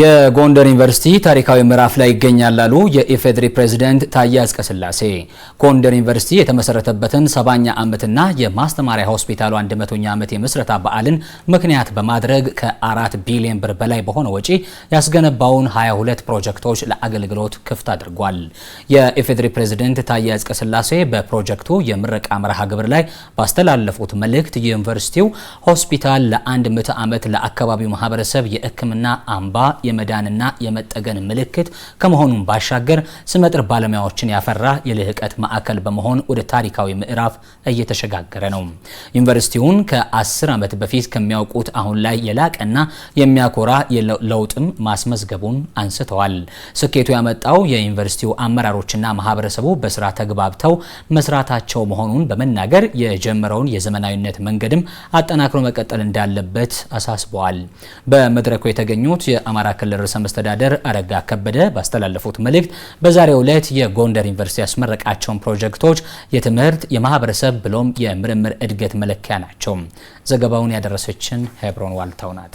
የጎንደር ዩኒቨርሲቲ ታሪካዊ ምዕራፍ ላይ ይገኛል አሉ የኢፌዴሪ ፕሬዝደንት ታዬ አጽቀሥላሴ። ጎንደር ዩኒቨርሲቲ የተመሰረተበትን ሰባኛ ዓመትና የማስተማሪያ ሆስፒታሉ 100ኛ ዓመት የምስረታ በዓልን ምክንያት በማድረግ ከ4 ቢሊዮን ብር በላይ በሆነ ወጪ ያስገነባውን 22 ፕሮጀክቶች ለአገልግሎት ክፍት አድርጓል። የኢፌዴሪ ፕሬዝደንት ታዬ አጽቀሥላሴ በፕሮጀክቱ የምረቃ መርሃ ግብር ላይ ባስተላለፉት መልእክት ዩኒቨርሲቲው ሆስፒታል ለአንድ ምዕተ ዓመት ለአካባቢው ማህበረሰብ የሕክምና አምባ የመዳንና የመጠገን ምልክት ከመሆኑን ባሻገር ስመጥር ባለሙያዎችን ያፈራ የልህቀት ማዕከል በመሆን ወደ ታሪካዊ ምዕራፍ እየተሸጋገረ ነው። ዩኒቨርሲቲውን ከአስር ዓመት በፊት ከሚያውቁት አሁን ላይ የላቀና የሚያኮራ ለውጥም ማስመዝገቡን አንስተዋል። ስኬቱ ያመጣው የዩኒቨርሲቲው አመራሮችና ማህበረሰቡ በስራ ተግባብተው መስራታቸው መሆኑን በመናገር የጀመረውን የዘመናዊነት መንገድም አጠናክሮ መቀጠል እንዳለበት አሳስበዋል። በመድረኩ የተገኙት የአማራ ክልል ርዕሰ መስተዳደር አረጋ ከበደ ባስተላለፉት መልእክት በዛሬው ዕለት የጎንደር ዩኒቨርሲቲ ያስመረቃቸውን ፕሮጀክቶች የትምህርት የማህበረሰብ ብሎም የምርምር እድገት መለኪያ ናቸው። ዘገባውን ያደረሰችን ሄብሮን ዋልታው ናት።